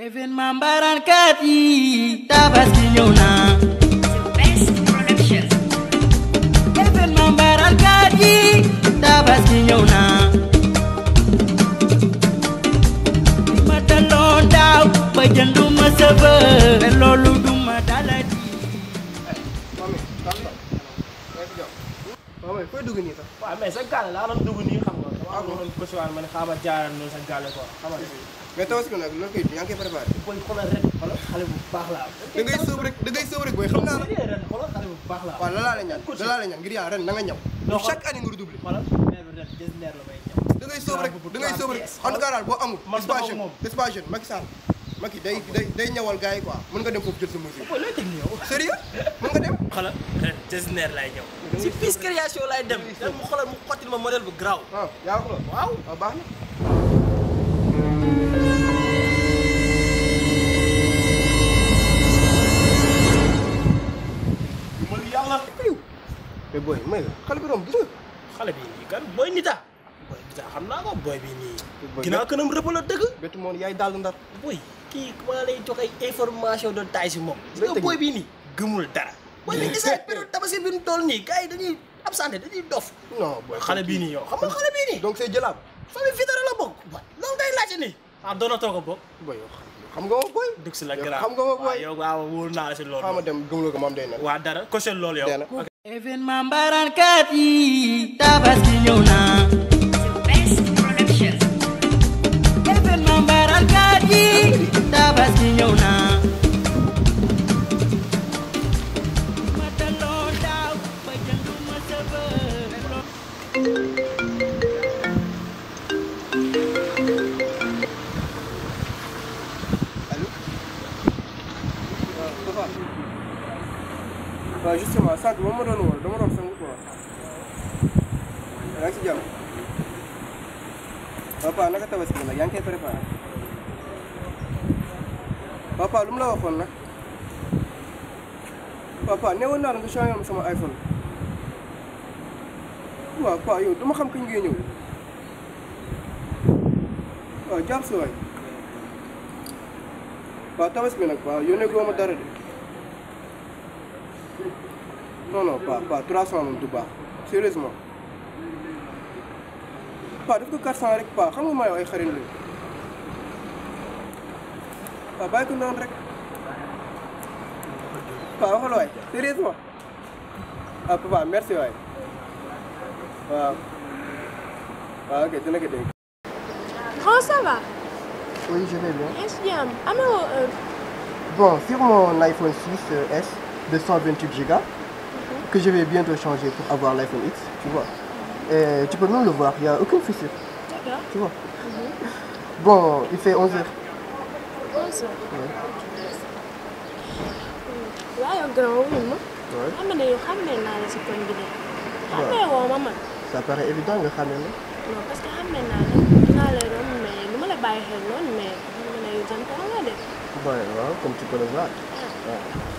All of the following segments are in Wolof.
événement mbaaraankat yi tabaski ñëw na événement mbaaraankat ma daloon daaw ba jënduma sëba loolu waaw ma doon bësuwaat ma ne xaaral jaaraan loolu sax gàlle quoi xam nga. mais tabaski bi nag loolu kay yaa ngi koy préparé. booy xoolal rek xoolal xale bu baax laa. da ngay sóob rek da ngay sóob rek booy xam naa la. ren xoolal xale bu baax laa. waaw la laa la ñaan la laa la ñaan ngir yaa ren na nga ñam. chaque année nga redoublé. xoolal mais ren des neer la may ñam. da ngay sóob rek da ngay sóob rek en tout cas daal boo amul. man dama moom expansion expansion Macky Sall Macky day day day ñawal gars yi quoi mën nga dem foofu jël sa mesure. waaw looy teg mën nga dem. xoolal ren desinère laay ñëw. si piste création laay dem. dal mu xoolal mu xottil ma modèle bu garaaw. ah yaa ko waaw waaw ah, baax na. jubal xale bi romb gis bi nii kan booy booy nita naa ko booy bi nii. ginnaaw kanam rëbb la moon yaay daal ndar booy. kii maa lay jox ay information de taille si moom. gis nga booy bii nii gëmul dara. booy bi gis nga période tabaski bi ñu toll nii gars yi dañuy absenté dañuy dof. non booy xale bii nii yow xam nga xale bii nii. donc c'est jëlaat. famille Fidara la bokk. loolu ngay laajte nii. ah doon na toog a bokk. booy yow xam nga ma booy. dugg si la garaam xam nga ma ah, si loolu. waa dara ko seen loolu yow. quoi waaw justement sànq moom ma doon woo dama sangu quoi yaa ngi ci papa naka tabaski bi nag yaa ngi koy préparé papa lu mu la waxoon nag papa newoon naa la nga changé am sama iPhone waaw papa yow duma xam kañ ngay ñëw waaw jàpp si waay waaw tabaski bi nag waaw yónnee goo ma dara de non non pas pas 300 moom sérieusement pas de 400 avec pas Je nga ma yow Papa Pas lañu waaw bàyyi rek Pas, sérieusement ah merci Ah. ok tu ko dégg. Comment ça va. oui je vais bien. est-ce bien euh? bon sur mon iPhone 6S 228 128 que je vais bientôt changer pour avoir l'iPhone X, tu vois. Et tu peux même le voir, il n'y a aucune fissure. D'accord. Tu vois. Mhm. Bon, il fait 11h. 11h waaw grand wu ma. waaw xam nga ne yow xàmmee naa la si ce bi de. waaw xàmmee woo ma man. ça paraît évident nga xàmmee ma. non parce que xàmmee naa la dinaa lay doon mais lu ma la bàyyi xel mais xam nga ne yow jantam nga comme tu peux le voir waaw. Ah.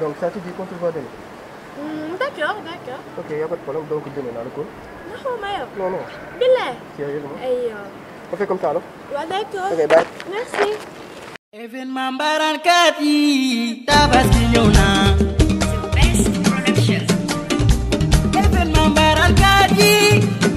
Donc ça te dit qu'on te voit demain mmh, D'accord, d'accord. Ok, il n'y a pas de problème. Donc demain, dans le cours. Non, mais... Non, non. Billet Sérieusement Aïe. Euh, On fait comme ça alors Ouais, d'accord. Ok, bye. Merci. événement mbarankat yi tabaski ñëw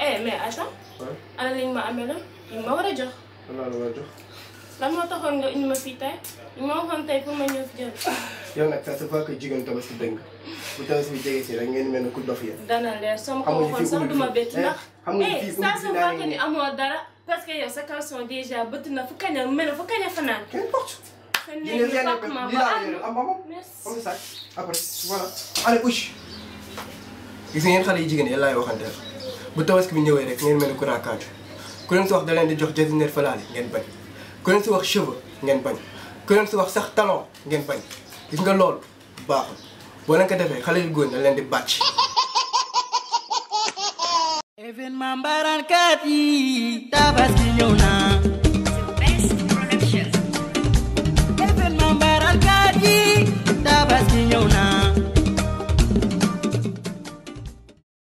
eh mais attends. waaw ana ma amee la ma war a jox. lan la war a jox. moo taxoon nga indi ma fii tey li ma waxoon tey pour ma ñëw fi jël. yow nag ça se voit que jigéen tabaski dëng bu tabaski bi jege si rek ngeen mel ni ku dof yéen. dana leer sama ko waxoon sax duma bett ndax. Eh, xam nga eh, fii ni amoo dara parce que yow sa caleçon déjà bëtt na fu kañ a mel fu kañ a fanaan. kenn porte. yéen a yéen a yéen a am am merci après voilà allez ngeen xale yi jigéen yàlla laay waxanteel. bu tabaski bi ñëwee rek ngeen mel ni ku ku leen si wax da leen di jox desineur falaale ngeen bañ ku leen si wax cheveux ngeen bañ ku leen si wax sax talon ngeen bañ gis nga loolu baaxul boo leen ko defee xale yu góor ñi da leen di bàcc. événement mbaaraankat yi.